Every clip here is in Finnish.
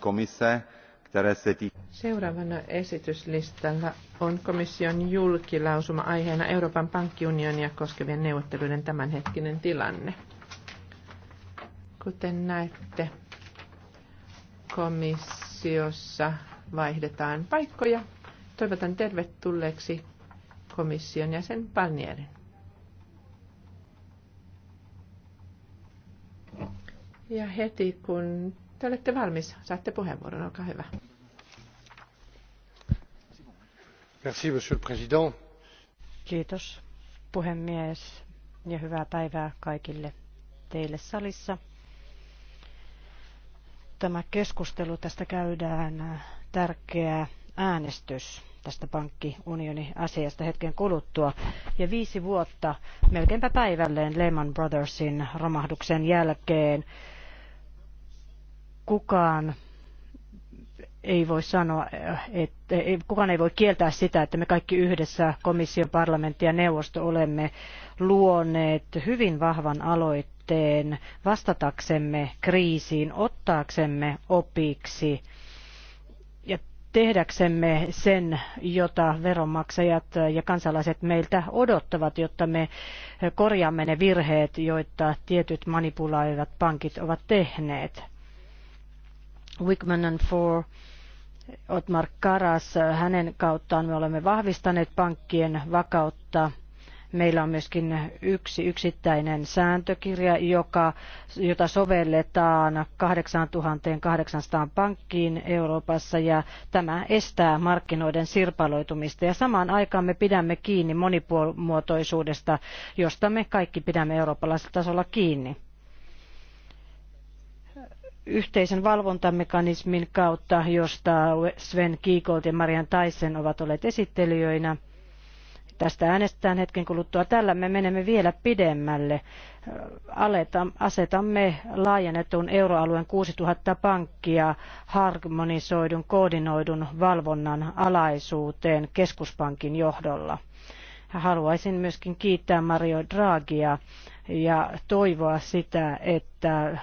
komise, které se týká... Seuraavana esityslistalla on komission julkilausuma aiheena Euroopan pankkiunionia koskevien neuvotteluiden tämänhetkinen tilanne. Kuten näette, komissiossa vaihdetaan paikkoja. Toivotan tervetulleeksi komission jäsen Palnierin. Ja heti kun te olette valmis. Saatte puheenvuoron. Olkaa hyvä. Merci, monsieur le président. Kiitos puhemies ja hyvää päivää kaikille teille salissa. Tämä keskustelu tästä käydään äh, tärkeä äänestys tästä pankkiunioni asiasta hetken kuluttua. Ja viisi vuotta melkeinpä päivälleen Lehman Brothersin romahduksen jälkeen kukaan ei voi sanoa, että kukaan ei voi kieltää sitä, että me kaikki yhdessä komissio, parlamentti ja neuvosto olemme luoneet hyvin vahvan aloitteen vastataksemme kriisiin, ottaaksemme opiksi ja tehdäksemme sen, jota veronmaksajat ja kansalaiset meiltä odottavat, jotta me korjaamme ne virheet, joita tietyt manipuloivat pankit ovat tehneet Wickman for Otmar Karas. Hänen kauttaan me olemme vahvistaneet pankkien vakautta. Meillä on myöskin yksi yksittäinen sääntökirja, joka, jota sovelletaan 8800 pankkiin Euroopassa ja tämä estää markkinoiden sirpaloitumista ja samaan aikaan me pidämme kiinni monipuolimuotoisuudesta, josta me kaikki pidämme eurooppalaisella tasolla kiinni yhteisen valvontamekanismin kautta, josta Sven Kiikolt ja Marian Taisen ovat olleet esittelijöinä. Tästä äänestetään hetken kuluttua. Tällä me menemme vielä pidemmälle. Asetamme laajennetun euroalueen 6000 pankkia harmonisoidun koordinoidun valvonnan alaisuuteen keskuspankin johdolla. Haluaisin myöskin kiittää Mario Draghia ja toivoa sitä, että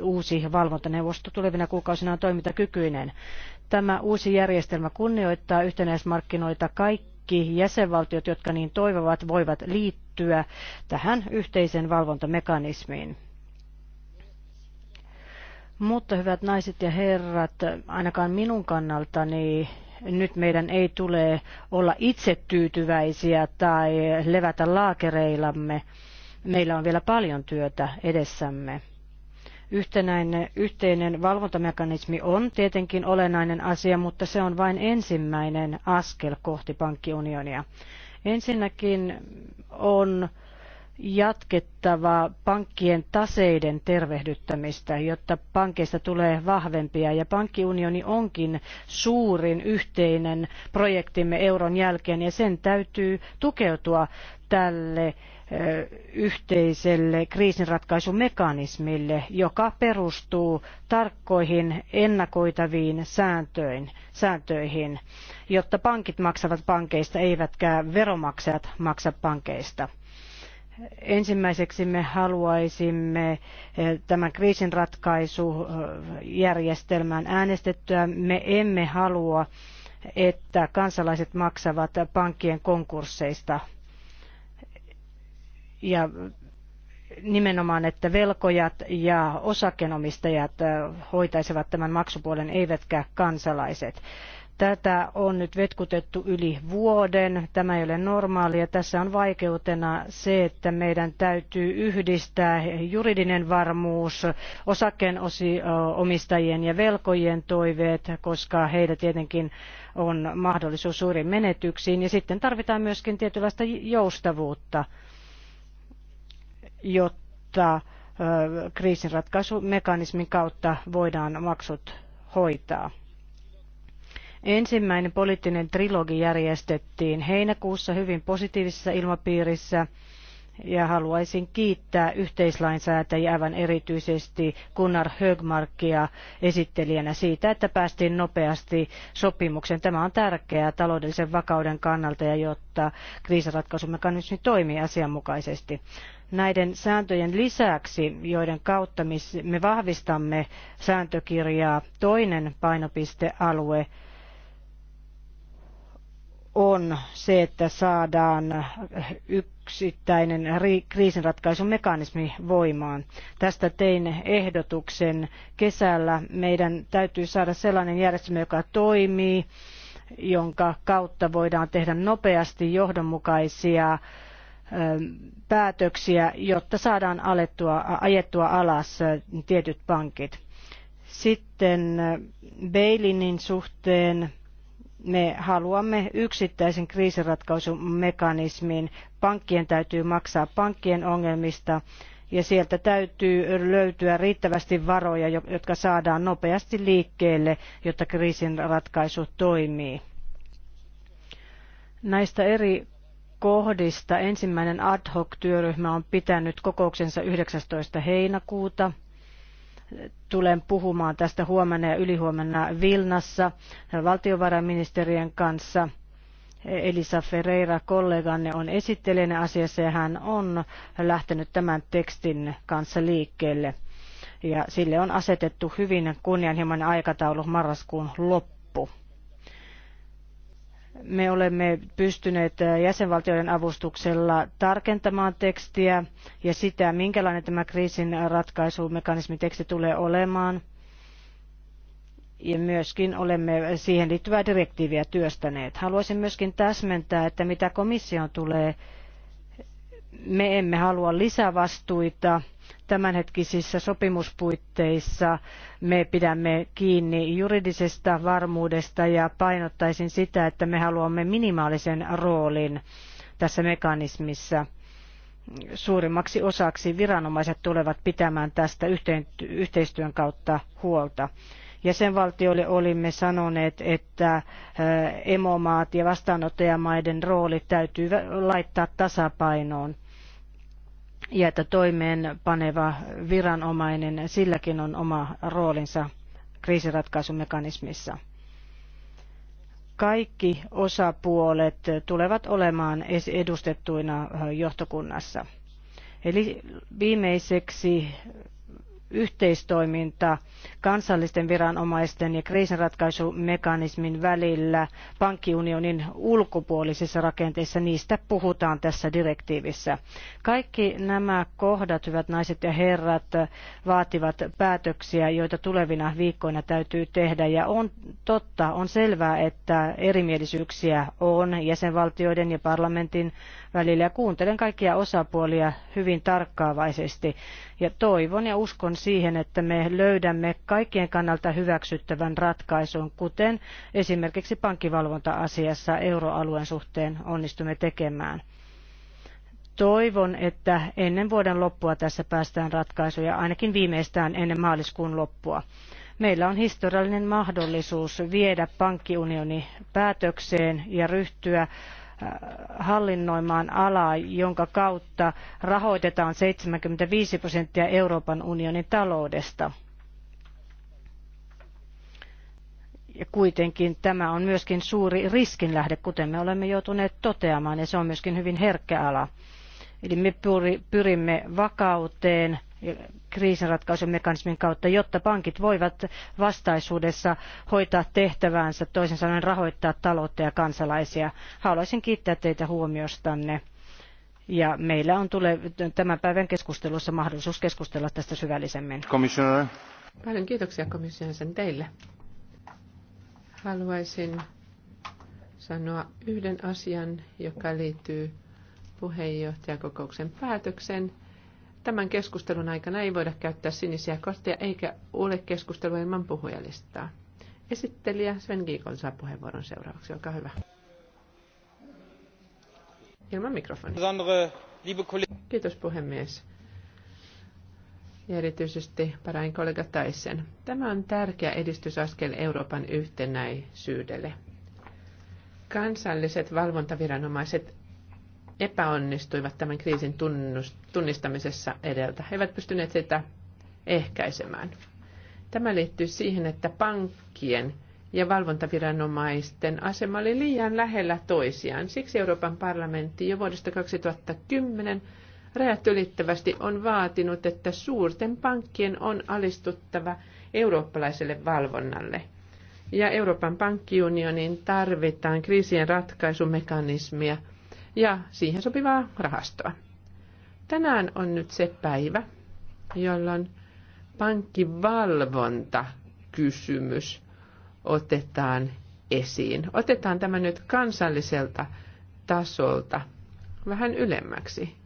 uusi valvontaneuvosto tulevina kuukausina on toimintakykyinen. Tämä uusi järjestelmä kunnioittaa yhtenäismarkkinoita kaikki jäsenvaltiot, jotka niin toivovat, voivat liittyä tähän yhteisen valvontamekanismiin. Mutta hyvät naiset ja herrat, ainakaan minun kannaltani nyt meidän ei tule olla itse tyytyväisiä tai levätä laakereillamme meillä on vielä paljon työtä edessämme. Yhtenäinen, yhteinen valvontamekanismi on tietenkin olennainen asia, mutta se on vain ensimmäinen askel kohti pankkiunionia. Ensinnäkin on jatkettava pankkien taseiden tervehdyttämistä, jotta pankeista tulee vahvempia. Ja pankkiunioni onkin suurin yhteinen projektimme euron jälkeen ja sen täytyy tukeutua tälle yhteiselle kriisinratkaisumekanismille, joka perustuu tarkkoihin ennakoitaviin sääntöihin, sääntöihin, jotta pankit maksavat pankeista eivätkä veromaksajat maksa pankeista. Ensimmäiseksi me haluaisimme tämän kriisinratkaisujärjestelmän äänestettyä. Me emme halua, että kansalaiset maksavat pankkien konkursseista ja nimenomaan, että velkojat ja osakkeenomistajat hoitaisivat tämän maksupuolen, eivätkä kansalaiset. Tätä on nyt vetkutettu yli vuoden. Tämä ei ole normaalia. Tässä on vaikeutena se, että meidän täytyy yhdistää juridinen varmuus, osakkeenomistajien ja velkojien toiveet, koska heillä tietenkin on mahdollisuus suuriin menetyksiin. Ja sitten tarvitaan myöskin tietynlaista joustavuutta jotta kriisinratkaisumekanismin kautta voidaan maksut hoitaa. Ensimmäinen poliittinen trilogi järjestettiin heinäkuussa hyvin positiivisessa ilmapiirissä ja haluaisin kiittää yhteislainsäätäjiä aivan erityisesti Gunnar Högmarkia esittelijänä siitä, että päästiin nopeasti sopimukseen. Tämä on tärkeää taloudellisen vakauden kannalta ja jotta kriisiratkaisumekanismi toimii asianmukaisesti. Näiden sääntöjen lisäksi, joiden kautta me vahvistamme sääntökirjaa, toinen painopistealue on se, että saadaan yksittäinen kriisinratkaisumekanismi voimaan. Tästä tein ehdotuksen kesällä. Meidän täytyy saada sellainen järjestelmä, joka toimii, jonka kautta voidaan tehdä nopeasti johdonmukaisia päätöksiä, jotta saadaan alettua, ajettua alas tietyt pankit. Sitten Beilinin suhteen me haluamme yksittäisen kriisinratkaisumekanismin. Pankkien täytyy maksaa pankkien ongelmista ja sieltä täytyy löytyä riittävästi varoja, jotka saadaan nopeasti liikkeelle, jotta kriisin ratkaisu toimii. Näistä eri kohdista ensimmäinen ad hoc työryhmä on pitänyt kokouksensa 19. heinäkuuta – tulen puhumaan tästä huomenna ja ylihuomenna Vilnassa valtiovarainministerien kanssa. Elisa Ferreira, kolleganne, on esittelijänä asiassa ja hän on lähtenyt tämän tekstin kanssa liikkeelle. Ja sille on asetettu hyvin kunnianhimoinen aikataulu marraskuun loppu. Me olemme pystyneet äh, jäsenvaltioiden avustuksella tarkentamaan tekstiä ja sitä, minkälainen tämä kriisin teksti tulee olemaan. Ja myöskin olemme siihen liittyvää direktiiviä työstäneet. Haluaisin myöskin täsmentää, että mitä komission tulee, me emme halua lisävastuita tämänhetkisissä sopimuspuitteissa me pidämme kiinni juridisesta varmuudesta ja painottaisin sitä, että me haluamme minimaalisen roolin tässä mekanismissa. Suurimmaksi osaksi viranomaiset tulevat pitämään tästä yhteistyön kautta huolta jäsenvaltioille olimme sanoneet, että emomaat ja vastaanottajamaiden roolit täytyy laittaa tasapainoon ja että toimeenpaneva viranomainen, silläkin on oma roolinsa kriisiratkaisumekanismissa. Kaikki osapuolet tulevat olemaan edustettuina johtokunnassa. Eli viimeiseksi yhteistoiminta kansallisten viranomaisten ja kriisinratkaisumekanismin välillä pankkiunionin ulkopuolisissa rakenteissa, niistä puhutaan tässä direktiivissä. Kaikki nämä kohdat, hyvät naiset ja herrat, vaativat päätöksiä, joita tulevina viikkoina täytyy tehdä. Ja on totta, on selvää, että erimielisyyksiä on jäsenvaltioiden ja parlamentin välillä. Ja kuuntelen kaikkia osapuolia hyvin tarkkaavaisesti ja toivon ja uskon siihen, että me löydämme kaikkien kannalta hyväksyttävän ratkaisun, kuten esimerkiksi pankkivalvonta-asiassa euroalueen suhteen onnistumme tekemään. Toivon, että ennen vuoden loppua tässä päästään ratkaisuja, ainakin viimeistään ennen maaliskuun loppua. Meillä on historiallinen mahdollisuus viedä pankkiunioni päätökseen ja ryhtyä Äh, hallinnoimaan alaa, jonka kautta rahoitetaan 75 prosenttia Euroopan unionin taloudesta. Ja kuitenkin tämä on myöskin suuri riskinlähde, kuten me olemme joutuneet toteamaan, ja se on myöskin hyvin herkkä ala. Eli me pyrimme vakauteen, kriisinratkaisumekanismin kautta, jotta pankit voivat vastaisuudessa hoitaa tehtäväänsä, toisin sanoen rahoittaa taloutta ja kansalaisia. Haluaisin kiittää teitä huomiostanne. Ja meillä on tule, tämän päivän keskustelussa mahdollisuus keskustella tästä syvällisemmin. Komissioner. Paljon kiitoksia komission sen teille. Haluaisin sanoa yhden asian, joka liittyy puheenjohtajakokouksen päätöksen. Tämän keskustelun aikana ei voida käyttää sinisiä kortteja eikä ole keskustelua ilman puhujalistaa. Esittelijä Sven Giikon saa puheenvuoron seuraavaksi. Olkaa hyvä. Ilman mikrofoni. Kiitos puhemies. Ja erityisesti parain kollega Taisen. Tämä on tärkeä edistysaskel Euroopan yhtenäisyydelle. Kansalliset valvontaviranomaiset epäonnistuivat tämän kriisin tunnistamisessa edeltä. He eivät pystyneet sitä ehkäisemään. Tämä liittyy siihen, että pankkien ja valvontaviranomaisten asema oli liian lähellä toisiaan. Siksi Euroopan parlamentti jo vuodesta 2010 rajat ylittävästi on vaatinut, että suurten pankkien on alistuttava eurooppalaiselle valvonnalle. Ja Euroopan pankkiunionin tarvitaan kriisien ratkaisumekanismia – ja siihen sopivaa rahastoa. Tänään on nyt se päivä, jolloin pankkivalvontakysymys otetaan esiin. Otetaan tämä nyt kansalliselta tasolta vähän ylemmäksi.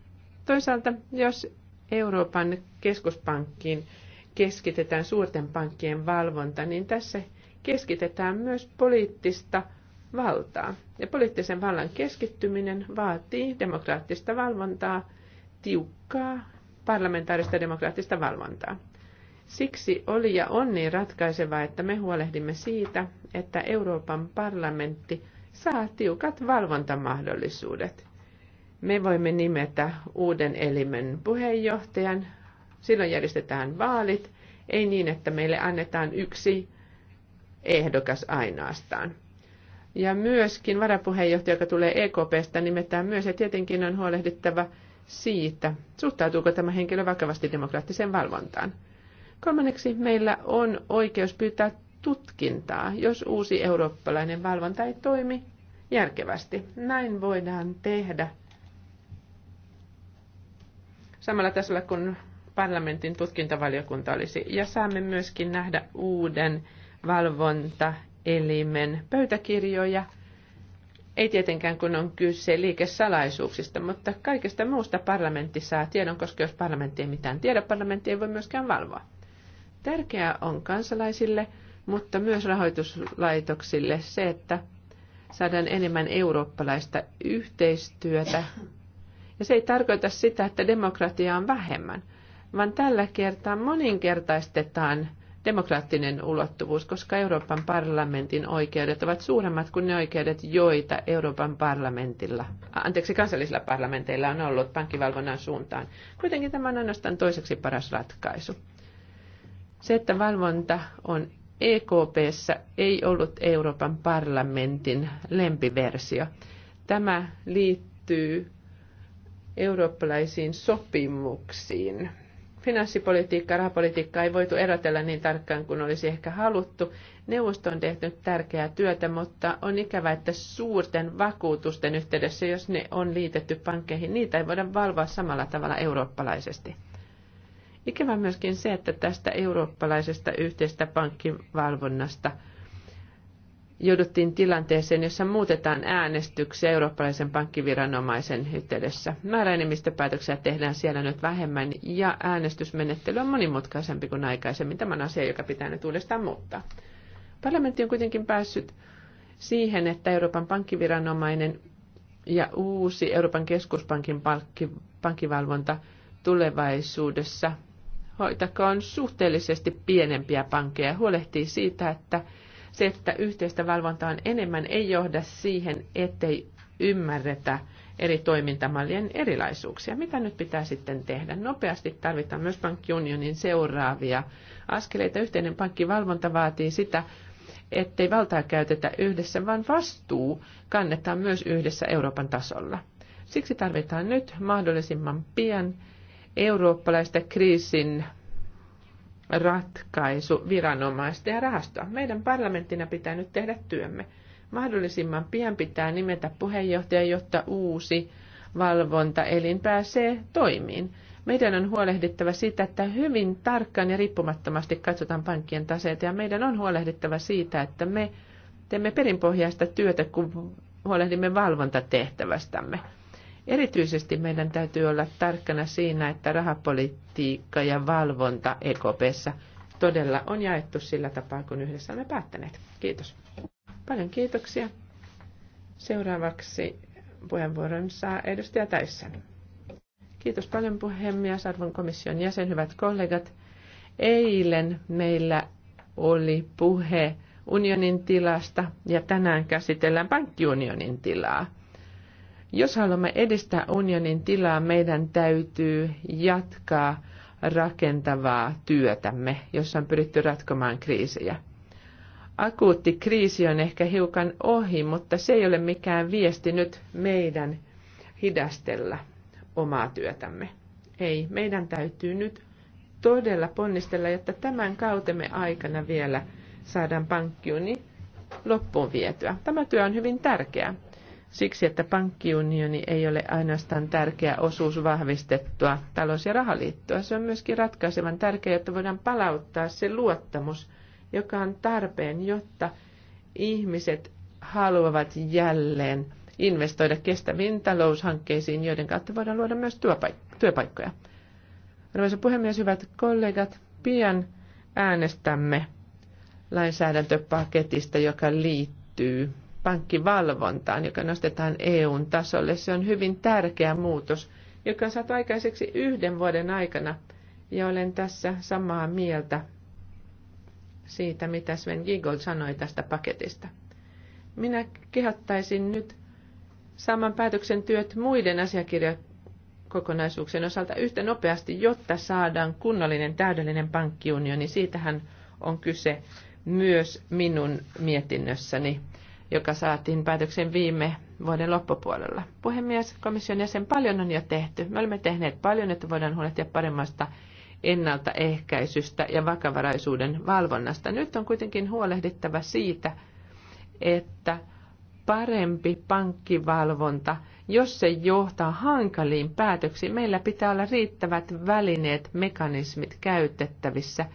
Toisaalta, jos Euroopan keskuspankkiin keskitetään suurten pankkien valvonta, niin tässä keskitetään myös poliittista valtaa. Ja poliittisen vallan keskittyminen vaatii demokraattista valvontaa, tiukkaa parlamentaarista demokraattista valvontaa. Siksi oli ja on niin ratkaisevaa, että me huolehdimme siitä, että Euroopan parlamentti saa tiukat valvontamahdollisuudet. Me voimme nimetä uuden elimen puheenjohtajan, silloin järjestetään vaalit, ei niin, että meille annetaan yksi ehdokas ainoastaan. Ja myöskin varapuheenjohtaja, joka tulee EKPstä, nimetään myös, ja tietenkin on huolehdittava siitä, suhtautuuko tämä henkilö vakavasti demokraattiseen valvontaan. Kolmanneksi meillä on oikeus pyytää tutkintaa, jos uusi eurooppalainen valvonta ei toimi järkevästi. Näin voidaan tehdä samalla tasolla kuin parlamentin tutkintavaliokunta olisi. Ja saamme myöskin nähdä uuden valvonta- elimen pöytäkirjoja. Ei tietenkään kun on kyse liikesalaisuuksista, mutta kaikesta muusta parlamentti saa tiedon, koska jos parlamentti ei mitään tiedä, parlamentti ei voi myöskään valvoa. Tärkeää on kansalaisille, mutta myös rahoituslaitoksille se, että saadaan enemmän eurooppalaista yhteistyötä. Ja se ei tarkoita sitä, että demokratia on vähemmän, vaan tällä kertaa moninkertaistetaan demokraattinen ulottuvuus, koska Euroopan parlamentin oikeudet ovat suuremmat kuin ne oikeudet, joita Euroopan parlamentilla, anteeksi, kansallisilla parlamenteilla on ollut pankkivalvonnan suuntaan. Kuitenkin tämä on ainoastaan toiseksi paras ratkaisu. Se, että valvonta on EKPssä ei ollut Euroopan parlamentin lempiversio. Tämä liittyy eurooppalaisiin sopimuksiin Finanssipolitiikka ja rahapolitiikka ei voitu erotella niin tarkkaan kuin olisi ehkä haluttu. Neuvosto on tehnyt tärkeää työtä, mutta on ikävä, että suurten vakuutusten yhteydessä, jos ne on liitetty pankkeihin, niitä ei voida valvoa samalla tavalla eurooppalaisesti. Ikävä myöskin se, että tästä eurooppalaisesta yhteistä pankkivalvonnasta – jouduttiin tilanteeseen, jossa muutetaan äänestyksiä eurooppalaisen pankkiviranomaisen yhteydessä. Määräenemmistöpäätöksiä tehdään siellä nyt vähemmän ja äänestysmenettely on monimutkaisempi kuin aikaisemmin. Tämä on asia, joka pitää nyt uudestaan muuttaa. Parlamentti on kuitenkin päässyt siihen, että Euroopan pankkiviranomainen ja uusi Euroopan keskuspankin palkki, pankkivalvonta tulevaisuudessa hoitakoon suhteellisesti pienempiä pankkeja ja huolehtii siitä, että se, että yhteistä valvontaa on enemmän, ei johda siihen, ettei ymmärretä eri toimintamallien erilaisuuksia. Mitä nyt pitää sitten tehdä? Nopeasti tarvitaan myös pankkiunionin seuraavia askeleita. Yhteinen pankkivalvonta vaatii sitä, ettei valtaa käytetä yhdessä, vaan vastuu kannetaan myös yhdessä Euroopan tasolla. Siksi tarvitaan nyt mahdollisimman pian eurooppalaista kriisin ratkaisu viranomaista ja rahastoa. Meidän parlamenttina pitää nyt tehdä työmme. Mahdollisimman pian pitää nimetä puheenjohtaja, jotta uusi valvontaelin pääsee toimiin. Meidän on huolehdittava siitä, että hyvin tarkkaan ja riippumattomasti katsotaan pankkien taseita ja meidän on huolehdittava siitä, että me teemme perinpohjaista työtä, kun huolehdimme valvontatehtävästämme. Erityisesti meidän täytyy olla tarkkana siinä, että rahapolitiikka ja valvonta EKPssä todella on jaettu sillä tapaa, kun yhdessä olemme päättäneet. Kiitos. Paljon kiitoksia. Seuraavaksi puheenvuoron saa edustaja Täyssän. Kiitos paljon puhemies, arvon komission jäsen, hyvät kollegat. Eilen meillä oli puhe unionin tilasta ja tänään käsitellään pankkiunionin tilaa. Jos haluamme edistää unionin tilaa, meidän täytyy jatkaa rakentavaa työtämme, jossa on pyritty ratkomaan kriisejä. Akuutti kriisi on ehkä hiukan ohi, mutta se ei ole mikään viesti nyt meidän hidastella omaa työtämme. Ei, meidän täytyy nyt todella ponnistella, jotta tämän kautemme aikana vielä saadaan pankkiuni loppuun vietyä. Tämä työ on hyvin tärkeää siksi, että pankkiunioni ei ole ainoastaan tärkeä osuus vahvistettua talous- ja rahaliittoa. Se on myöskin ratkaisevan tärkeää, jotta voidaan palauttaa se luottamus, joka on tarpeen, jotta ihmiset haluavat jälleen investoida kestäviin taloushankkeisiin, joiden kautta voidaan luoda myös työpaik- työpaikkoja. Arvoisa puhemies, hyvät kollegat, pian äänestämme lainsäädäntöpaketista, joka liittyy pankkivalvontaan, joka nostetaan EUn tasolle. Se on hyvin tärkeä muutos, joka on saatu aikaiseksi yhden vuoden aikana. Ja olen tässä samaa mieltä siitä, mitä Sven Giegold sanoi tästä paketista. Minä kehottaisin nyt saamaan päätöksen työt muiden asiakirjakokonaisuuksien osalta yhtä nopeasti, jotta saadaan kunnollinen täydellinen pankkiunioni. Siitähän on kyse myös minun mietinnössäni joka saatiin päätöksen viime vuoden loppupuolella. Puhemies, komission jäsen, paljon on jo tehty. Me olemme tehneet paljon, että voidaan huolehtia paremmasta ennaltaehkäisystä ja vakavaraisuuden valvonnasta. Nyt on kuitenkin huolehdittava siitä, että parempi pankkivalvonta, jos se johtaa hankaliin päätöksiin, meillä pitää olla riittävät välineet, mekanismit käytettävissä,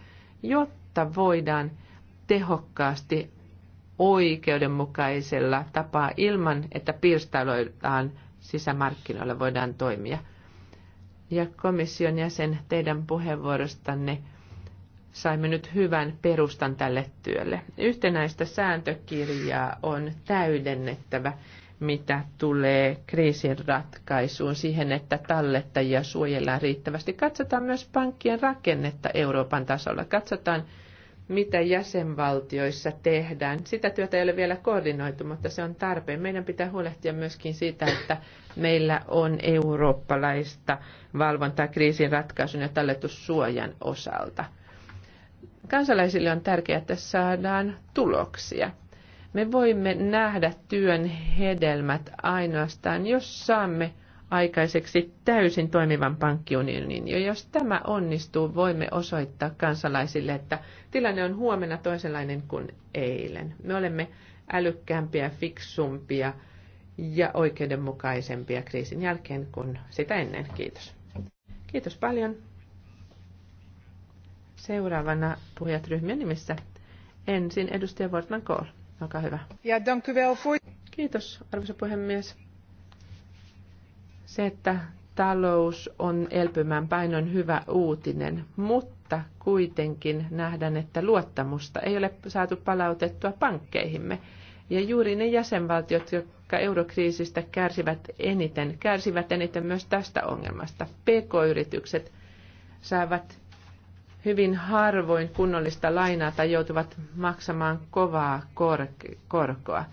jotta voidaan tehokkaasti oikeudenmukaisella tapaa ilman, että pirstaloidaan sisämarkkinoilla voidaan toimia. Ja komission jäsen, teidän puheenvuorostanne saimme nyt hyvän perustan tälle työlle. Yhtenäistä sääntökirjaa on täydennettävä, mitä tulee kriisin ratkaisuun, siihen, että tallettajia suojellaan riittävästi. Katsotaan myös pankkien rakennetta Euroopan tasolla. Katsotaan, mitä jäsenvaltioissa tehdään. Sitä työtä ei ole vielä koordinoitu, mutta se on tarpeen. Meidän pitää huolehtia myöskin siitä, että meillä on eurooppalaista valvontaa kriisin ratkaisun ja talletussuojan osalta. Kansalaisille on tärkeää, että saadaan tuloksia. Me voimme nähdä työn hedelmät ainoastaan, jos saamme aikaiseksi täysin toimivan pankkiunionin. Ja jos tämä onnistuu, voimme osoittaa kansalaisille, että tilanne on huomenna toisenlainen kuin eilen. Me olemme älykkäämpiä, fiksumpia ja oikeudenmukaisempia kriisin jälkeen kuin sitä ennen. Kiitos. Kiitos paljon. Seuraavana puhujat ryhmien nimissä. Ensin edustaja Wortman Kohl. Olkaa hyvä. Ja Kiitos, arvoisa puhemies. Se, että talous on elpymään päin, on hyvä uutinen, mutta kuitenkin nähdään, että luottamusta ei ole saatu palautettua pankkeihimme. Ja juuri ne jäsenvaltiot, jotka eurokriisistä kärsivät eniten, kärsivät eniten myös tästä ongelmasta. PK-yritykset saavat hyvin harvoin kunnollista lainaa tai joutuvat maksamaan kovaa korkoa.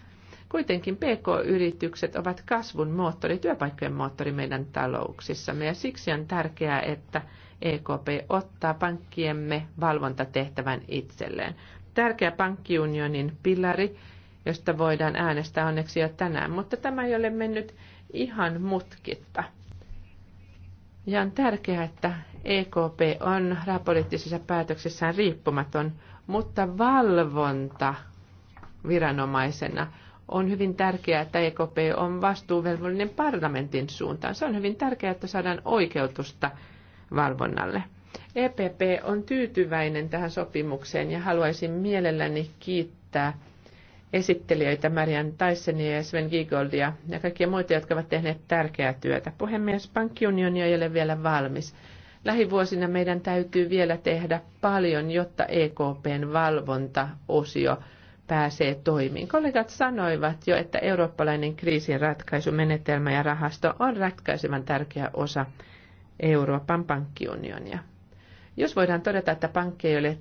Kuitenkin PK-yritykset ovat kasvun moottori, työpaikkojen moottori meidän talouksissamme ja siksi on tärkeää, että EKP ottaa pankkiemme valvontatehtävän itselleen. Tärkeä pankkiunionin pilari, josta voidaan äänestää onneksi jo tänään, mutta tämä ei ole mennyt ihan mutkitta. Ja on tärkeää, että EKP on rapoliittisissa päätöksissään riippumaton, mutta valvonta viranomaisena on hyvin tärkeää, että EKP on vastuuvelvollinen parlamentin suuntaan. Se on hyvin tärkeää, että saadaan oikeutusta valvonnalle. EPP on tyytyväinen tähän sopimukseen ja haluaisin mielelläni kiittää esittelijöitä Marian Tyssonia ja Sven Giegoldia ja kaikkia muita, jotka ovat tehneet tärkeää työtä. Puhemies, pankkiunioni ei ole vielä valmis. Lähivuosina meidän täytyy vielä tehdä paljon, jotta EKPn valvontaosio osio pääsee toimiin. Kollegat sanoivat jo, että eurooppalainen kriisinratkaisumenetelmä ja rahasto on ratkaisevan tärkeä osa Euroopan pankkiunionia. Jos voidaan todeta, että pankki ei ole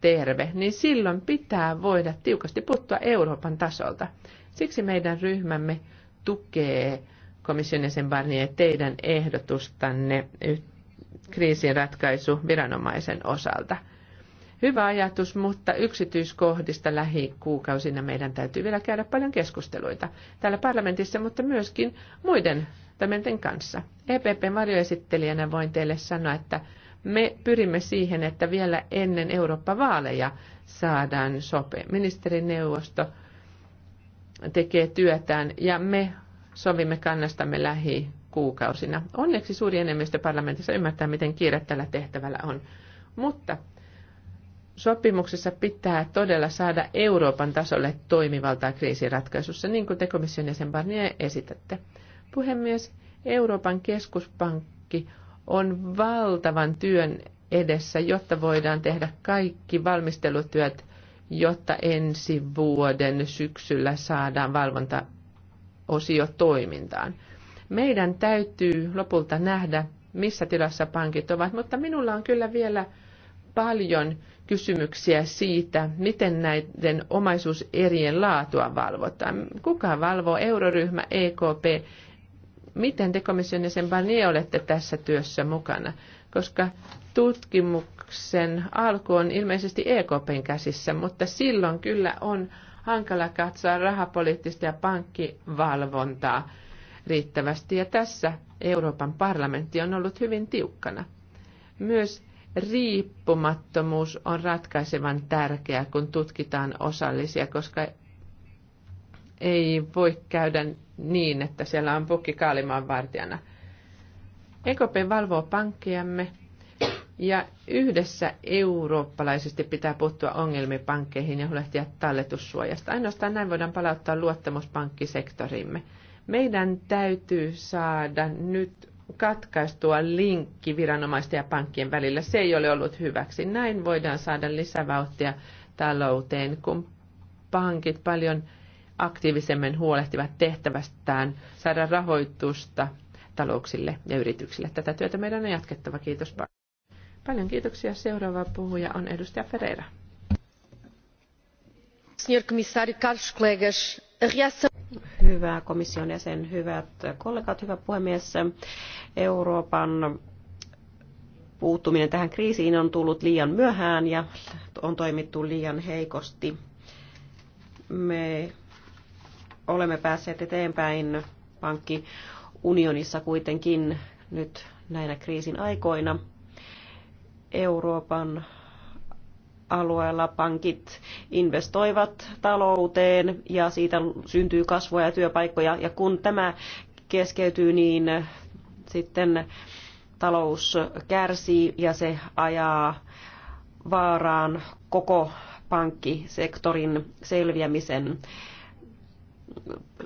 terve, niin silloin pitää voida tiukasti puuttua Euroopan tasolta. Siksi meidän ryhmämme tukee komission jäsen Barnier teidän ehdotustanne kriisinratkaisu viranomaisen osalta – hyvä ajatus, mutta yksityiskohdista lähikuukausina meidän täytyy vielä käydä paljon keskusteluita täällä parlamentissa, mutta myöskin muiden parlamentin kanssa. EPPn varjoesittelijänä voin teille sanoa, että me pyrimme siihen, että vielä ennen Eurooppa-vaaleja saadaan sope. Ministerineuvosto tekee työtään ja me sovimme kannastamme lähi kuukausina. Onneksi suuri enemmistö parlamentissa ymmärtää, miten kiire tällä tehtävällä on. Mutta sopimuksessa pitää todella saada Euroopan tasolle toimivaltaa kriisiratkaisussa, niin kuin te komission jäsen Barnier esitätte. Puhemies, Euroopan keskuspankki on valtavan työn edessä, jotta voidaan tehdä kaikki valmistelutyöt, jotta ensi vuoden syksyllä saadaan valvontaosio toimintaan. Meidän täytyy lopulta nähdä, missä tilassa pankit ovat, mutta minulla on kyllä vielä paljon kysymyksiä siitä, miten näiden omaisuuserien laatua valvotaan. Kuka valvoo? Euroryhmä, EKP. Miten te komission jäsen Barnier olette tässä työssä mukana? Koska tutkimuksen alku on ilmeisesti EKPn käsissä, mutta silloin kyllä on hankala katsoa rahapoliittista ja pankkivalvontaa riittävästi. Ja tässä Euroopan parlamentti on ollut hyvin tiukkana. Myös riippumattomuus on ratkaisevan tärkeää, kun tutkitaan osallisia, koska ei voi käydä niin, että siellä on pukki kaalimaan vartijana. EKP valvoo pankkiamme ja yhdessä eurooppalaisesti pitää puuttua ongelmiin pankkeihin ja huolehtia talletussuojasta. Ainoastaan näin voidaan palauttaa luottamus pankkisektorimme. Meidän täytyy saada nyt katkaistua linkki viranomaisten ja pankkien välillä. Se ei ole ollut hyväksi. Näin voidaan saada lisävauhtia talouteen, kun pankit paljon aktiivisemmin huolehtivat tehtävästään saada rahoitusta talouksille ja yrityksille. Tätä työtä meidän on jatkettava. Kiitos paljon. Paljon kiitoksia. Seuraava puhuja on edustaja Ferreira. Senhor Comissário, caros colegas, a reação hyvä komission jäsen, hyvät kollegat, hyvä puhemies. Euroopan puuttuminen tähän kriisiin on tullut liian myöhään ja on toimittu liian heikosti. Me olemme päässeet eteenpäin pankkiunionissa kuitenkin nyt näinä kriisin aikoina. Euroopan alueella pankit investoivat talouteen ja siitä syntyy kasvua ja työpaikkoja. Ja kun tämä keskeytyy, niin sitten talous kärsii ja se ajaa vaaraan koko pankkisektorin selviämisen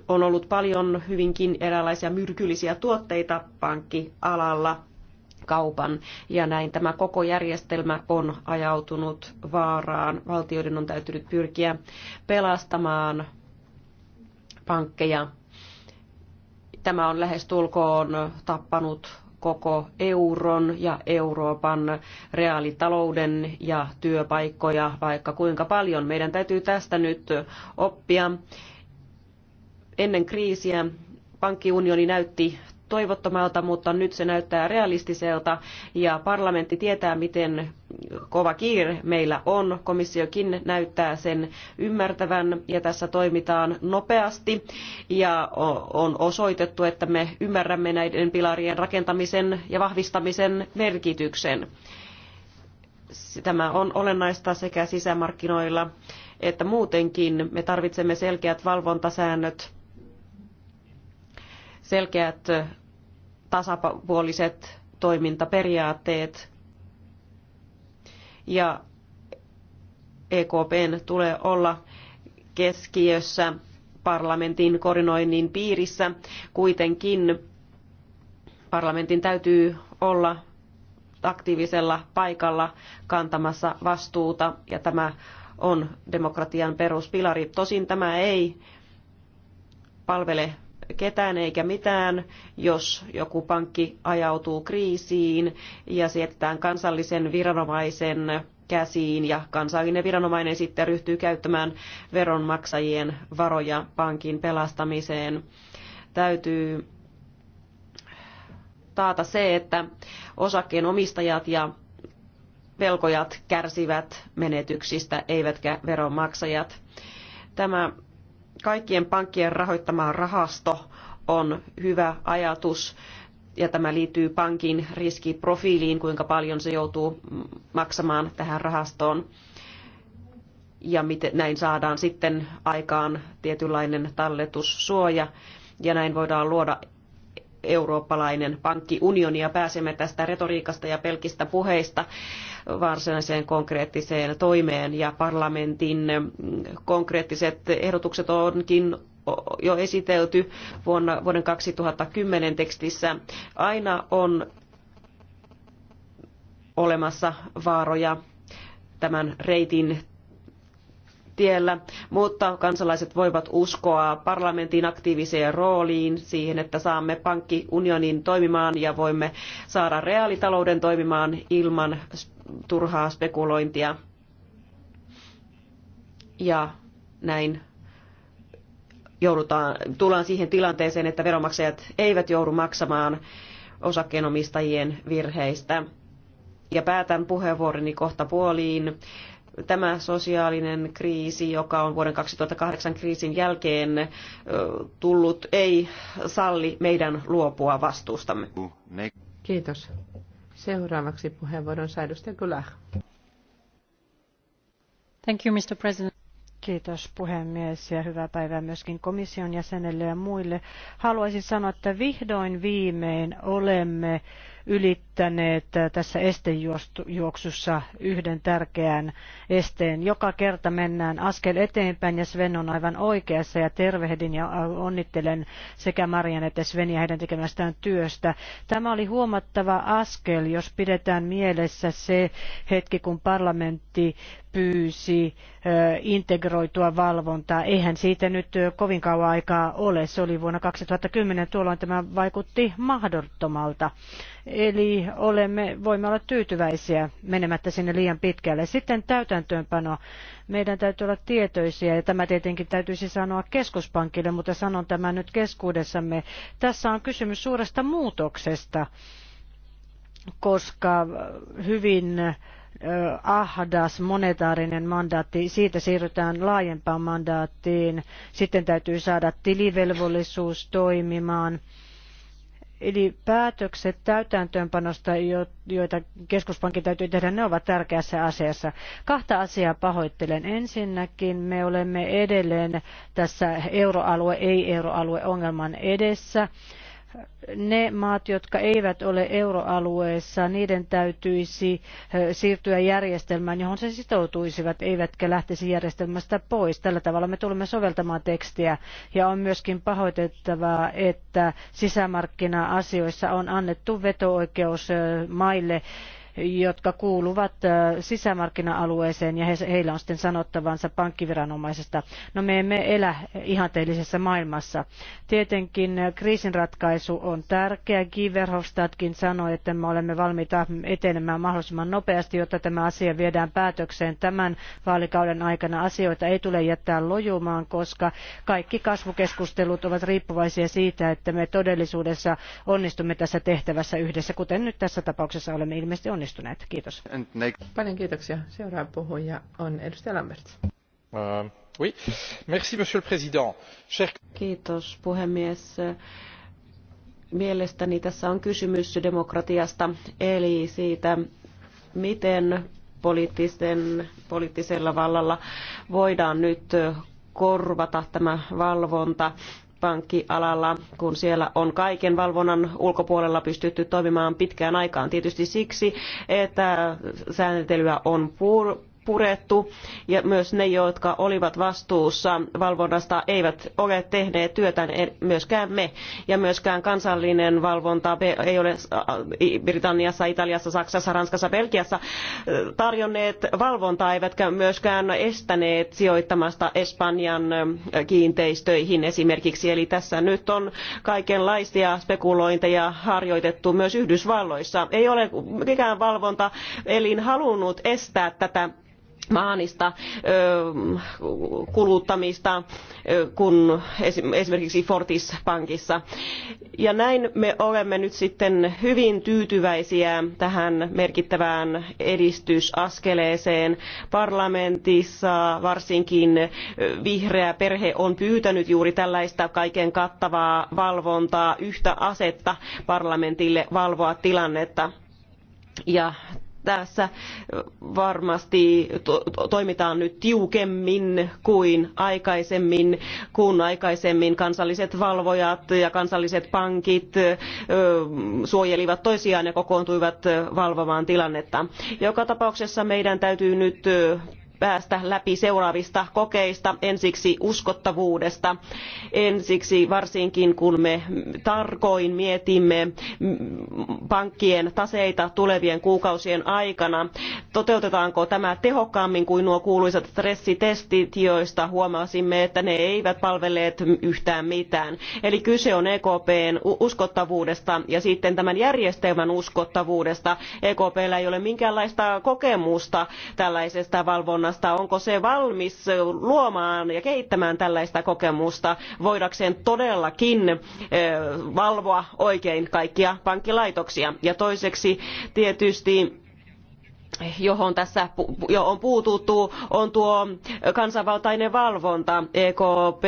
on ollut paljon hyvinkin eräänlaisia myrkyllisiä tuotteita pankkialalla kaupan. Ja näin tämä koko järjestelmä on ajautunut vaaraan. Valtioiden on täytynyt pyrkiä pelastamaan pankkeja. Tämä on lähes tulkoon tappanut koko euron ja Euroopan reaalitalouden ja työpaikkoja, vaikka kuinka paljon. Meidän täytyy tästä nyt oppia. Ennen kriisiä pankkiunioni näytti toivottomalta, mutta nyt se näyttää realistiselta ja parlamentti tietää, miten kova kiire meillä on. Komissiokin näyttää sen ymmärtävän ja tässä toimitaan nopeasti ja on osoitettu, että me ymmärrämme näiden pilarien rakentamisen ja vahvistamisen merkityksen. Tämä on olennaista sekä sisämarkkinoilla että muutenkin. Me tarvitsemme selkeät valvontasäännöt selkeät tasapuoliset toimintaperiaatteet ja EKPn tulee olla keskiössä parlamentin koordinoinnin piirissä. Kuitenkin parlamentin täytyy olla aktiivisella paikalla kantamassa vastuuta ja tämä on demokratian peruspilari. Tosin tämä ei palvele ketään eikä mitään, jos joku pankki ajautuu kriisiin ja sietetään kansallisen viranomaisen käsiin ja kansallinen viranomainen sitten ryhtyy käyttämään veronmaksajien varoja pankin pelastamiseen. Täytyy taata se, että osakkeen omistajat ja velkojat kärsivät menetyksistä, eivätkä veronmaksajat. Tämä kaikkien pankkien rahoittama rahasto on hyvä ajatus ja tämä liittyy pankin riskiprofiiliin, kuinka paljon se joutuu maksamaan tähän rahastoon. Ja miten, näin saadaan sitten aikaan tietynlainen talletussuoja ja näin voidaan luoda eurooppalainen pankkiunioni ja pääsemme tästä retoriikasta ja pelkistä puheista varsinaiseen konkreettiseen toimeen ja parlamentin konkreettiset ehdotukset onkin jo esitelty vuonna, vuoden 2010 tekstissä. Aina on olemassa vaaroja tämän reitin tiellä, mutta kansalaiset voivat uskoa parlamentin aktiiviseen rooliin siihen, että saamme pankkiunionin toimimaan ja voimme saada reaalitalouden toimimaan ilman turhaa spekulointia. Ja näin joudutaan, tullaan siihen tilanteeseen, että veronmaksajat eivät joudu maksamaan osakkeenomistajien virheistä. Ja päätän puheenvuoroni kohta puoliin tämä sosiaalinen kriisi, joka on vuoden 2008 kriisin jälkeen tullut, ei salli meidän luopua vastuustamme. Kiitos. Seuraavaksi puheenvuoron saa edustaja Kyläh. Thank you, Mr. President. Kiitos puhemies ja hyvää päivää myöskin komission jäsenelle ja muille. Haluaisin sanoa, että vihdoin viimein olemme ylittäneet äh, tässä estejuoksussa yhden tärkeän esteen. Joka kerta mennään askel eteenpäin ja Sven on aivan oikeassa ja tervehdin ja onnittelen sekä Marian että Sveniä heidän tekemästään työstä. Tämä oli huomattava askel, jos pidetään mielessä se hetki, kun parlamentti pyysi äh, integroitua valvontaa. Eihän siitä nyt äh, kovin kauan aikaa ole. Se oli vuonna 2010, tuolloin tämä vaikutti mahdottomalta. Eli olemme, voimme olla tyytyväisiä menemättä sinne liian pitkälle. Sitten täytäntöönpano. Meidän täytyy olla tietoisia, ja tämä tietenkin täytyisi sanoa keskuspankille, mutta sanon tämän nyt keskuudessamme. Tässä on kysymys suuresta muutoksesta, koska hyvin ahdas monetaarinen mandaatti, siitä siirrytään laajempaan mandaattiin. Sitten täytyy saada tilivelvollisuus toimimaan Eli päätökset täytäntöönpanosta, joita keskuspankin täytyy tehdä, ne ovat tärkeässä asiassa. Kahta asiaa pahoittelen. Ensinnäkin me olemme edelleen tässä euroalue, ei-euroalue ongelman edessä ne maat, jotka eivät ole euroalueessa, niiden täytyisi eh, siirtyä järjestelmään, johon se sitoutuisivat, eivätkä lähtisi järjestelmästä pois. Tällä tavalla me tulemme soveltamaan tekstiä ja on myöskin pahoitettavaa, että sisämarkkina-asioissa on annettu veto-oikeus eh, maille, jotka kuuluvat äh, sisämarkkina-alueeseen ja heillä on sitten sanottavansa pankkiviranomaisesta. No me emme elä ihanteellisessa maailmassa. Tietenkin äh, kriisinratkaisu on tärkeä. Guy Verhofstadtkin sanoi, että me olemme valmiita etenemään mahdollisimman nopeasti, jotta tämä asia viedään päätökseen tämän vaalikauden aikana. Asioita ei tule jättää lojumaan, koska kaikki kasvukeskustelut ovat riippuvaisia siitä, että me todellisuudessa onnistumme tässä tehtävässä yhdessä, kuten nyt tässä tapauksessa olemme ilmeisesti onnistuneet onnistuneet. Kiitos. Paljon kiitoksia. Seuraava puhuja on edustaja Lambert. Uh, oui. Merci, monsieur le président. Cher... Kiitos, puhemies. Mielestäni tässä on kysymys demokratiasta, eli siitä, miten poliittisen, poliittisella vallalla voidaan nyt korvata tämä valvonta pankkialalla, kun siellä on kaiken valvonnan ulkopuolella pystytty toimimaan pitkään aikaan. Tietysti siksi, että sääntelyä on purettu ja myös ne, jotka olivat vastuussa valvonnasta, eivät ole tehneet työtä, myöskään me. Ja myöskään kansallinen valvonta ei ole äh, Britanniassa, Italiassa, Saksassa, Ranskassa, Belgiassa äh, tarjonneet valvontaa, eivätkä myöskään estäneet sijoittamasta Espanjan äh, kiinteistöihin esimerkiksi. Eli tässä nyt on kaikenlaisia spekulointeja harjoitettu myös Yhdysvalloissa. Ei ole mikään valvonta elin halunnut estää tätä maanista kuluttamista kun esimerkiksi Fortis Pankissa. Ja näin me olemme nyt sitten hyvin tyytyväisiä tähän merkittävään edistysaskeleeseen. Parlamentissa varsinkin vihreä perhe on pyytänyt juuri tällaista kaiken kattavaa valvontaa, yhtä asetta parlamentille valvoa tilannetta. Ja tässä varmasti toimitaan nyt tiukemmin kuin aikaisemmin, kun aikaisemmin kansalliset valvojat ja kansalliset pankit suojelivat toisiaan ja kokoontuivat valvomaan tilannetta. Joka tapauksessa meidän täytyy nyt päästä läpi seuraavista kokeista ensiksi uskottavuudesta ensiksi varsinkin kun me tarkoin mietimme pankkien taseita tulevien kuukausien aikana toteutetaanko tämä tehokkaammin kuin nuo kuuluisat stressitestit joista huomasimme että ne eivät palvelleet yhtään mitään. eli kyse on ekpn uskottavuudesta ja sitten tämän järjestelmän uskottavuudesta. ekpllä ei ole minkäänlaista kokemusta tällaisesta valvonnasta yhteiskunnasta, onko se valmis luomaan ja kehittämään tällaista kokemusta, voidakseen todellakin eh, valvoa oikein kaikkia pankkilaitoksia. Ja toiseksi tietysti johon tässä jo on puututtu, on tuo kansanvaltainen valvonta. EKP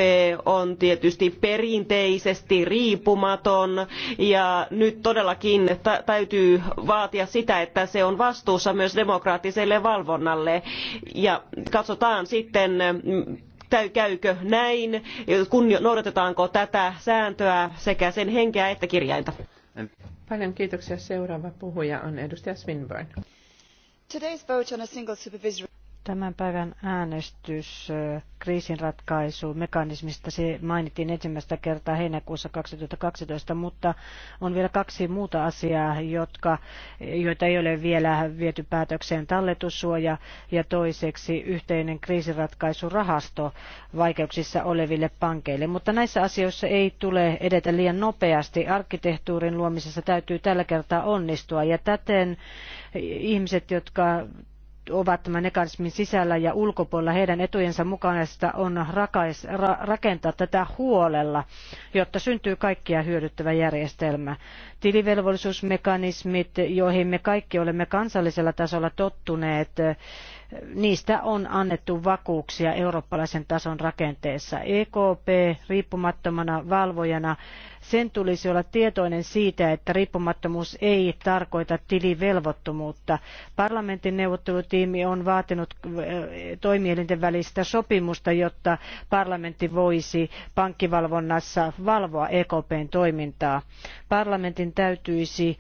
on tietysti perinteisesti riippumaton ja nyt todellakin täytyy vaatia sitä, että se on vastuussa myös demokraattiselle valvonnalle. Ja katsotaan sitten käykö näin, kun noudatetaanko tätä sääntöä sekä sen henkeä että kirjainta. Paljon kiitoksia. Seuraava puhuja on edustaja Swinburne today's vote on a single supervisory. Tämän päivän äänestys kriisinratkaisumekanismista, se mainittiin ensimmäistä kertaa heinäkuussa 2012, mutta on vielä kaksi muuta asiaa, jotka, joita ei ole vielä viety päätökseen talletussuoja ja toiseksi yhteinen kriisinratkaisurahasto vaikeuksissa oleville pankeille. Mutta näissä asioissa ei tule edetä liian nopeasti. Arkkitehtuurin luomisessa täytyy tällä kertaa onnistua ja täten ihmiset, jotka ovat tämän mekanismin sisällä ja ulkopuolella heidän etujensa mukaista on rakais, ra, rakentaa tätä huolella, jotta syntyy kaikkia hyödyttävä järjestelmä. Tilivelvollisuusmekanismit, joihin me kaikki olemme kansallisella tasolla tottuneet, niistä on annettu vakuuksia eurooppalaisen tason rakenteessa. EKP riippumattomana valvojana, sen tulisi olla tietoinen siitä, että riippumattomuus ei tarkoita tilivelvottomuutta. Parlamentin neuvottelutiimi on vaatinut eh, toimielinten välistä sopimusta, jotta parlamentti voisi pankkivalvonnassa valvoa EKPn toimintaa. Parlamentin täytyisi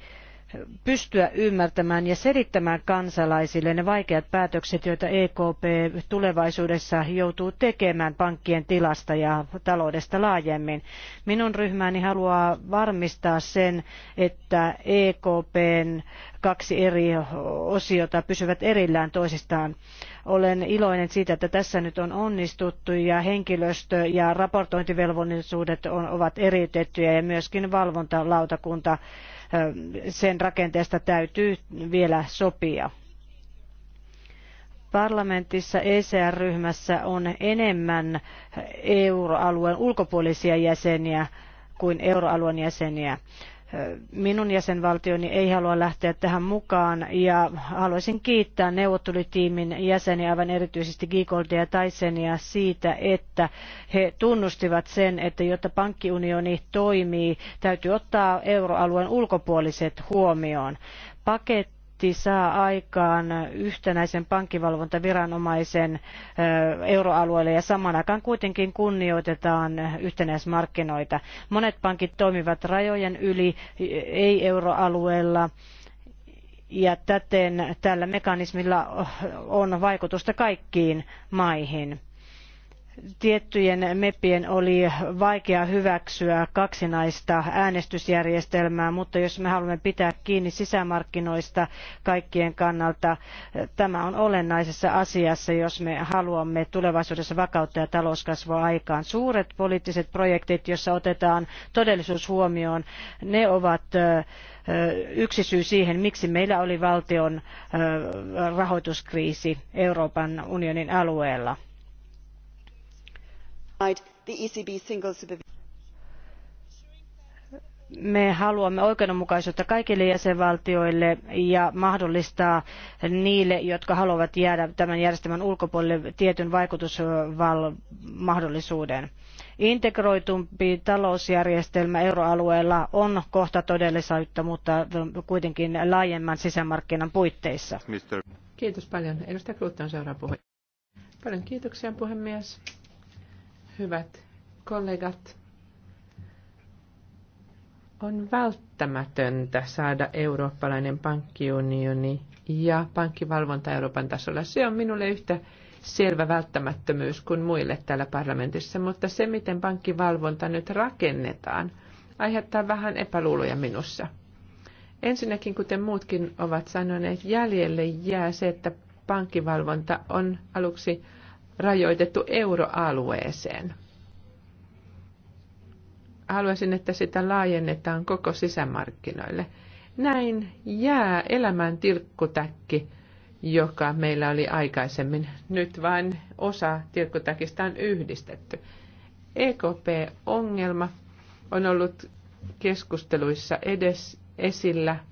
pystyä ymmärtämään ja selittämään kansalaisille ne vaikeat päätökset, joita EKP tulevaisuudessa joutuu tekemään pankkien tilasta ja taloudesta laajemmin. Minun ryhmäni haluaa varmistaa sen, että EKPn kaksi eri osiota pysyvät erillään toisistaan. Olen iloinen siitä, että tässä nyt on onnistuttu ja henkilöstö ja raportointivelvollisuudet ovat eriytettyjä ja myöskin valvontalautakunta sen rakenteesta täytyy vielä sopia. Parlamentissa ECR-ryhmässä on enemmän euroalueen ulkopuolisia jäseniä kuin euroalueen jäseniä minun jäsenvaltioni ei halua lähteä tähän mukaan ja haluaisin kiittää neuvottelutiimin jäseniä, aivan erityisesti Giegoldia ja Taisenia siitä, että he tunnustivat sen, että jotta pankkiunioni toimii, täytyy ottaa euroalueen ulkopuoliset huomioon. Paketti paketti saa aikaan yhtenäisen pankkivalvontaviranomaisen euroalueelle ja samaan aikaan kuitenkin kunnioitetaan yhtenäismarkkinoita. Monet pankit toimivat rajojen yli, ei euroalueella ja täten tällä mekanismilla on vaikutusta kaikkiin maihin tiettyjen meppien oli vaikea hyväksyä kaksinaista äänestysjärjestelmää, mutta jos me haluamme pitää kiinni sisämarkkinoista kaikkien kannalta, tämä on olennaisessa asiassa, jos me haluamme tulevaisuudessa vakautta ja talouskasvua aikaan. Suuret poliittiset projektit, joissa otetaan todellisuus huomioon, ne ovat yksi syy siihen, miksi meillä oli valtion rahoituskriisi Euroopan unionin alueella E me haluamme oikeudenmukaisuutta kaikille jäsenvaltioille ja mahdollistaa niille jotka haluavat jäädä tämän järjestelmän ulkopuolelle tietyn vaikutusmahdollisuuden. integroitumpi talousjärjestelmä euroalueella on kohta todellisuutta mutta kuitenkin laajemman sisämarkkinan puitteissa. Kiitos paljon. Edustaja Kluutti on seuraava puhe. Paljon kiitoksia puhemies. Hyvät kollegat, on välttämätöntä saada eurooppalainen pankkiunioni ja pankkivalvonta Euroopan tasolla. Se on minulle yhtä selvä välttämättömyys kuin muille täällä parlamentissa, mutta se, miten pankkivalvonta nyt rakennetaan, aiheuttaa vähän epäluuloja minussa. Ensinnäkin, kuten muutkin ovat sanoneet, jäljelle jää se, että pankkivalvonta on aluksi rajoitettu euroalueeseen. Haluaisin, että sitä laajennetaan koko sisämarkkinoille. Näin jää elämän tilkkutäkki, joka meillä oli aikaisemmin. Nyt vain osa tilkkutäkistä on yhdistetty. EKP-ongelma on ollut keskusteluissa edes esillä –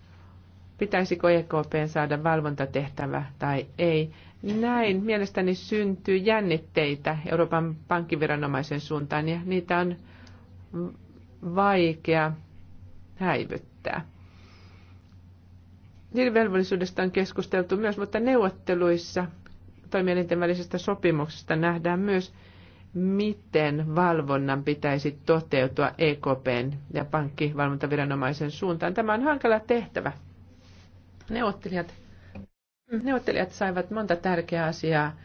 pitäisikö EKP saada valvontatehtävä tai ei. Näin mielestäni syntyy jännitteitä Euroopan pankkiviranomaisen suuntaan ja niitä on vaikea häivyttää. Velvollisuudesta on keskusteltu myös, mutta neuvotteluissa toimielinten välisestä sopimuksesta nähdään myös, miten valvonnan pitäisi toteutua EKPn ja pankkivalvontaviranomaisen suuntaan. Tämä on hankala tehtävä Neuvottelijat, neuvottelijat saivat monta tärkeää asiaa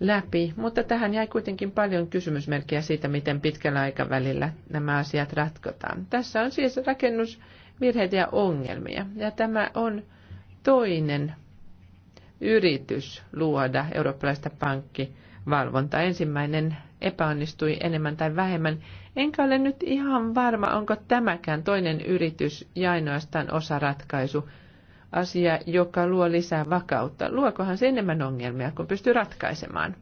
läpi, mutta tähän jäi kuitenkin paljon kysymysmerkkejä siitä, miten pitkällä aikavälillä nämä asiat ratkotaan. Tässä on siis rakennusvirheitä ja ongelmia, ja tämä on toinen yritys luoda eurooppalaista pankkivalvontaa. Ensimmäinen epäonnistui enemmän tai vähemmän. Enkä ole nyt ihan varma, onko tämäkään toinen yritys ja ainoastaan osa ratkaisu asia, joka luo lisää vakautta. Luokohan se enemmän ongelmia, kun pystyy ratkaisemaan?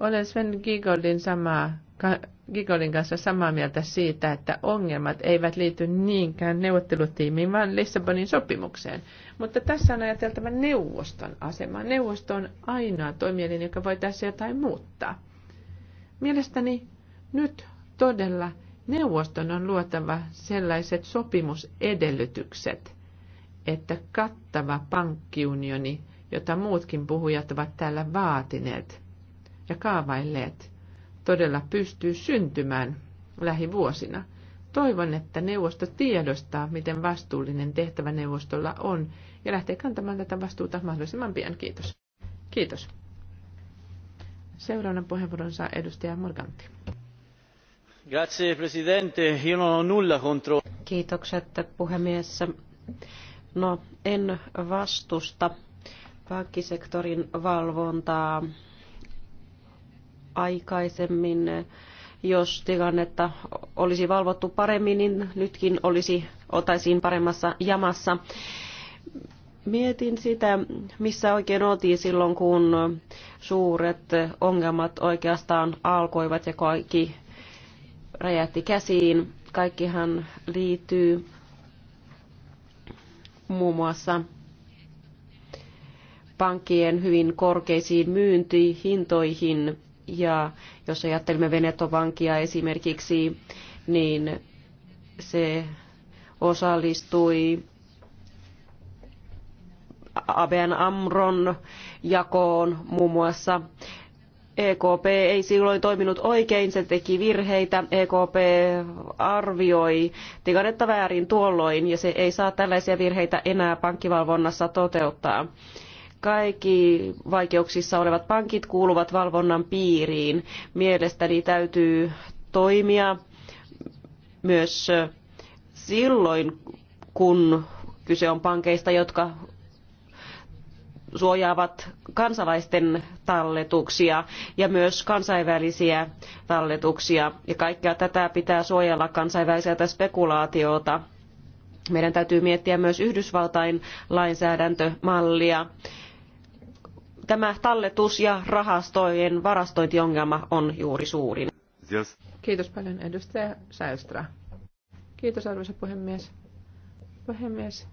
Olen Sven Gigoldin, samaa, Gigoldin kanssa samaa mieltä siitä, että ongelmat eivät liity niinkään neuvottelutiimiin, vaan Lissabonin sopimukseen. Mutta tässä on ajateltava neuvoston asema. Neuvosto on ainoa toimielin, joka voi tässä jotain muuttaa. Mielestäni nyt todella neuvoston on luotava sellaiset sopimusedellytykset, että kattava pankkiunioni, jota muutkin puhujat ovat täällä vaatineet ja kaavailleet, todella pystyy syntymään lähivuosina. Toivon, että neuvosto tiedostaa, miten vastuullinen tehtävä neuvostolla on ja lähtee kantamaan tätä vastuuta mahdollisimman pian. Kiitos. Kiitos. Seuraavan puheenvuoron saa edustaja Morganti. Grazie, presidente. Io non ho nulla contro... Kiitokset, puhemies. No, en vastusta pankkisektorin valvontaa aikaisemmin. Jos tilannetta olisi valvottu paremmin, niin nytkin olisi, oltaisiin paremmassa jamassa. Mietin sitä, missä oikein oltiin silloin, kun suuret ongelmat oikeastaan alkoivat ja kaikki räjähti käsiin. Kaikkihan liittyy muun muassa pankkien hyvin korkeisiin myyntihintoihin. Ja jos ajattelemme Venetovankia esimerkiksi, niin se osallistui Aben Amron jakoon muun muassa EKP ei silloin toiminut oikein, se teki virheitä. EKP arvioi tilannetta väärin tuolloin ja se ei saa tällaisia virheitä enää pankkivalvonnassa toteuttaa. Kaikki vaikeuksissa olevat pankit kuuluvat valvonnan piiriin. Mielestäni täytyy toimia myös silloin, kun kyse on pankeista, jotka suojaavat kansalaisten talletuksia ja myös kansainvälisiä talletuksia. Ja kaikkea tätä pitää suojella kansainväliseltä spekulaatiolta. Meidän täytyy miettiä myös Yhdysvaltain lainsäädäntömallia. Tämä talletus- ja rahastojen varastointiongelma on juuri suurin. Yes. Kiitos paljon edustaja Säystra. Kiitos arvoisa puhemies. Puhemies,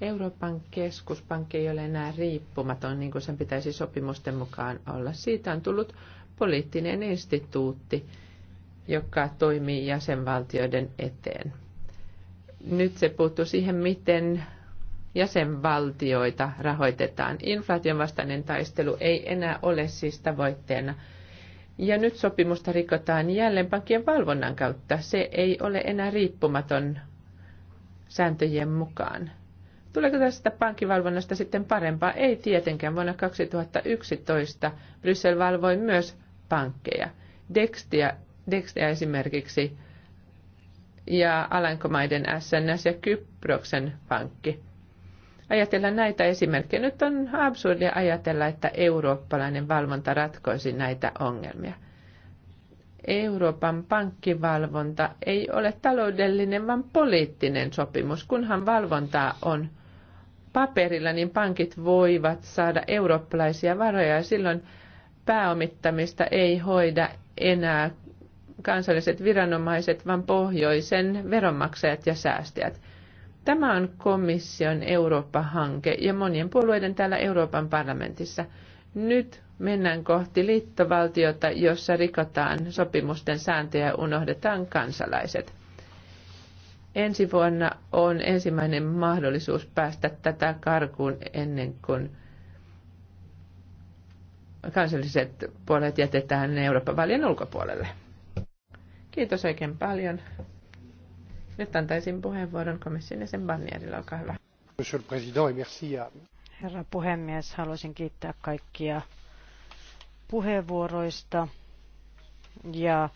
Euroopan keskuspankki ei ole enää riippumaton, niin kuin sen pitäisi sopimusten mukaan olla. Siitä on tullut poliittinen instituutti, joka toimii jäsenvaltioiden eteen. Nyt se puuttuu siihen, miten jäsenvaltioita rahoitetaan. Inflaation vastainen taistelu ei enää ole siis tavoitteena. Ja nyt sopimusta rikotaan jälleen pankkien valvonnan kautta. Se ei ole enää riippumaton sääntöjen mukaan. Tuleeko tästä pankkivalvonnasta sitten parempaa? Ei tietenkään. Vuonna 2011 Bryssel valvoi myös pankkeja. Dextia, Dextia esimerkiksi ja Alankomaiden SNS ja Kyproksen pankki. Ajatella näitä esimerkkejä. Nyt on absurdia ajatella, että eurooppalainen valvonta ratkoisi näitä ongelmia. Euroopan pankkivalvonta ei ole taloudellinen, vaan poliittinen sopimus, kunhan valvontaa on – paperilla, niin pankit voivat saada eurooppalaisia varoja ja silloin pääomittamista ei hoida enää kansalliset viranomaiset, vaan pohjoisen veronmaksajat ja säästäjät. Tämä on komission Eurooppa-hanke ja monien puolueiden täällä Euroopan parlamentissa. Nyt mennään kohti liittovaltiota, jossa rikotaan sopimusten sääntöjä ja unohdetaan kansalaiset. Ensi vuonna on ensimmäinen mahdollisuus päästä tätä karkuun ennen kuin kansalliset puolet jätetään Euroopan välien ulkopuolelle. Kiitos oikein paljon. Nyt antaisin puheenvuoron komission sen Barnierille, olkaa hyvä. Herra puhemies, haluaisin kiittää kaikkia puheenvuoroista ja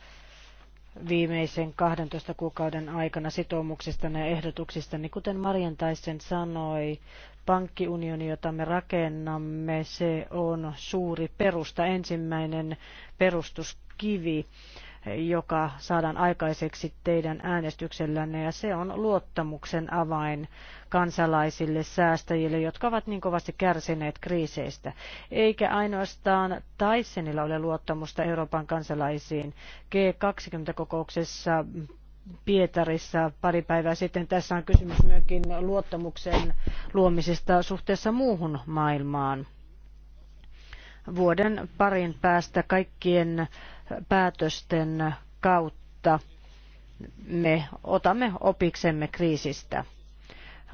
viimeisen 12 kuukauden aikana sitoumuksista ja ehdotuksista. Niin kuten Marjan Taisen sanoi, pankkiunioni, jota me rakennamme, se on suuri perusta, ensimmäinen perustuskivi joka saadaan aikaiseksi teidän äänestyksellänne ja se on luottamuksen avain kansalaisille, säästäjille, jotka ovat niin kovasti kärsineet kriiseistä. Eikä ainoastaan Tysonilla ole luottamusta Euroopan kansalaisiin. G20-kokouksessa Pietarissa pari päivää sitten. Tässä on kysymys myöskin luottamuksen luomisesta suhteessa muuhun maailmaan. Vuoden parin päästä kaikkien päätösten kautta me otamme opiksemme kriisistä.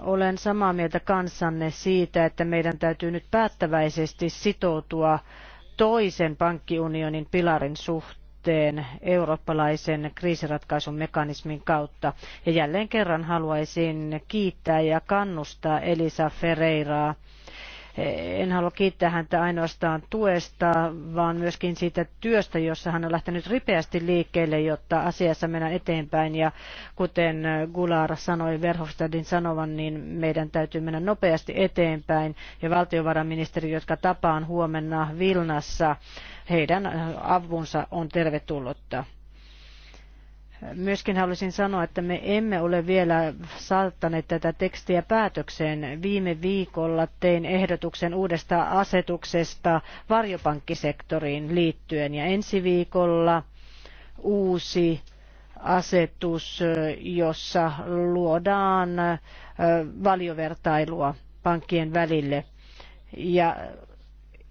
Olen samaa mieltä kanssanne siitä, että meidän täytyy nyt päättäväisesti sitoutua toisen pankkiunionin pilarin suhteen eurooppalaisen kriisiratkaisun mekanismin kautta. Ja jälleen kerran haluaisin kiittää ja kannustaa Elisa Ferreiraa en halua kiittää häntä ainoastaan tuesta, vaan myöskin siitä työstä, jossa hän on lähtenyt ripeästi liikkeelle, jotta asiassa mennään eteenpäin. Ja kuten Gular sanoi Verhofstadin sanovan, niin meidän täytyy mennä nopeasti eteenpäin. Ja valtiovarainministeri, jotka tapaan huomenna Vilnassa, heidän avunsa on tervetullutta. Myöskin haluaisin sanoa, että me emme ole vielä saattaneet tätä tekstiä päätökseen. Viime viikolla tein ehdotuksen uudesta asetuksesta varjopankkisektoriin liittyen ja ensi viikolla uusi asetus, jossa luodaan valiovertailua pankkien välille. Ja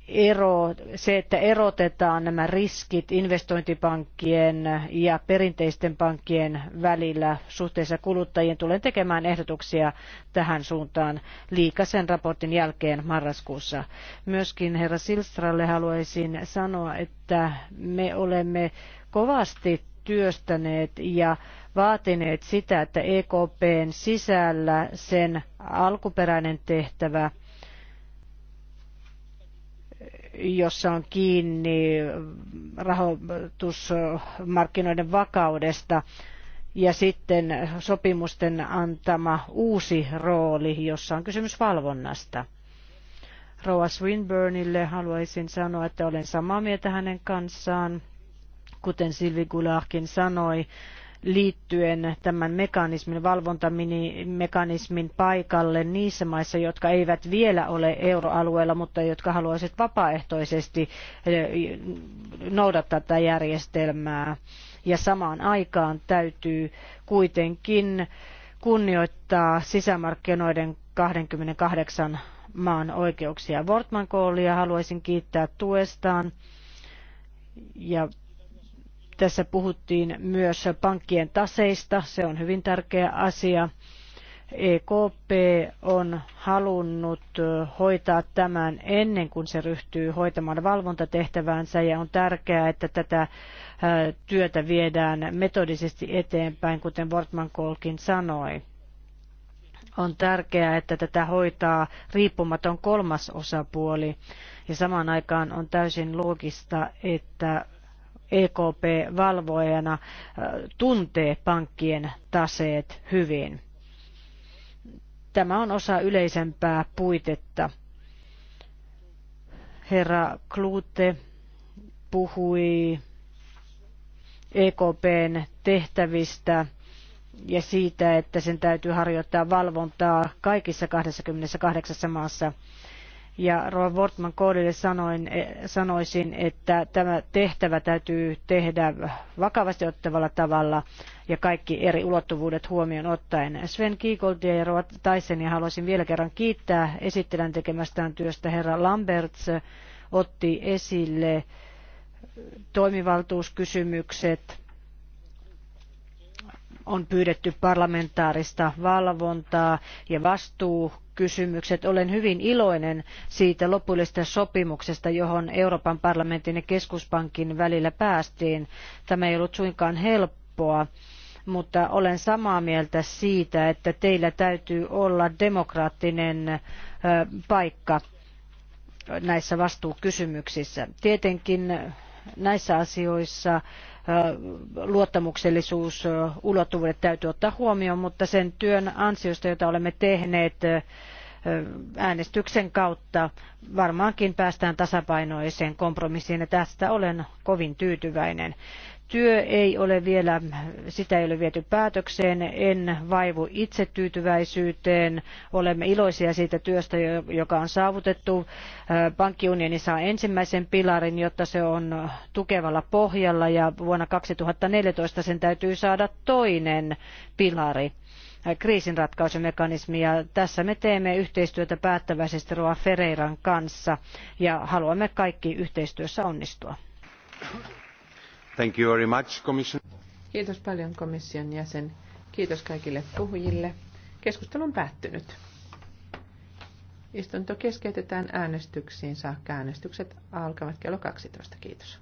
ero, se, että erotetaan nämä riskit investointipankkien ja perinteisten pankkien välillä suhteessa kuluttajien, tulen tekemään ehdotuksia tähän suuntaan liikasen raportin jälkeen marraskuussa. Myöskin herra Silstralle haluaisin sanoa, että me olemme kovasti työstäneet ja vaatineet sitä, että EKPn sisällä sen alkuperäinen tehtävä – jossa on kiinni rahoitusmarkkinoiden vakaudesta ja sitten sopimusten antama uusi rooli, jossa on kysymys valvonnasta. Roa Swinburnille haluaisin sanoa, että olen samaa mieltä hänen kanssaan. Kuten Silvi Gulahkin sanoi, liittyen tämän mekanismin, valvontamekanismin paikalle niissä maissa, jotka eivät vielä ole euroalueella, mutta jotka haluaisivat vapaaehtoisesti eh, noudattaa tätä järjestelmää. Ja samaan aikaan täytyy kuitenkin kunnioittaa sisämarkkinoiden 28 maan oikeuksia. Wortman Koolia haluaisin kiittää tuestaan ja tässä puhuttiin myös pankkien taseista, se on hyvin tärkeä asia. EKP on halunnut hoitaa tämän ennen kuin se ryhtyy hoitamaan valvontatehtäväänsä ja on tärkeää, että tätä äh, työtä viedään metodisesti eteenpäin, kuten Wortman Kolkin sanoi. On tärkeää, että tätä hoitaa riippumaton kolmas osapuoli ja samaan aikaan on täysin loogista, että EKP-valvojana äh, tuntee pankkien taseet hyvin. Tämä on osa yleisempää puitetta. Herra Klute puhui EKPn tehtävistä ja siitä, että sen täytyy harjoittaa valvontaa kaikissa 28 maassa ja Roa Wortman Koodille sanoin, e, sanoisin, että tämä tehtävä täytyy tehdä vakavasti ottavalla tavalla ja kaikki eri ulottuvuudet huomioon ottaen. Sven Kiikoldia ja Roa Taisenia haluaisin vielä kerran kiittää esittelän tekemästään työstä. Herra Lamberts otti esille toimivaltuuskysymykset, on pyydetty parlamentaarista valvontaa ja vastuu kysymykset. Olen hyvin iloinen siitä lopullisesta sopimuksesta, johon Euroopan parlamentin ja keskuspankin välillä päästiin. Tämä ei ollut suinkaan helppoa, mutta olen samaa mieltä siitä, että teillä täytyy olla demokraattinen paikka näissä vastuukysymyksissä. Tietenkin näissä asioissa luottamuksellisuusulottuvuudet täytyy ottaa huomioon, mutta sen työn ansiosta, jota olemme tehneet äänestyksen kautta, varmaankin päästään tasapainoiseen kompromissiin ja tästä olen kovin tyytyväinen. Työ ei ole vielä, sitä ei ole viety päätökseen, en vaivu itsetyytyväisyyteen. Olemme iloisia siitä työstä, joka on saavutettu. Pankkiunioni saa ensimmäisen pilarin, jotta se on tukevalla pohjalla ja vuonna 2014 sen täytyy saada toinen pilari kriisinratkaisumekanismi ja tässä me teemme yhteistyötä päättäväisesti Roa Ferreiran kanssa ja haluamme kaikki yhteistyössä onnistua. Thank you very much, commission. Kiitos paljon komission jäsen. Kiitos kaikille puhujille. Keskustelu on päättynyt. Istunto keskeytetään äänestyksiin saakka. Äänestykset alkavat kello 12. Kiitos.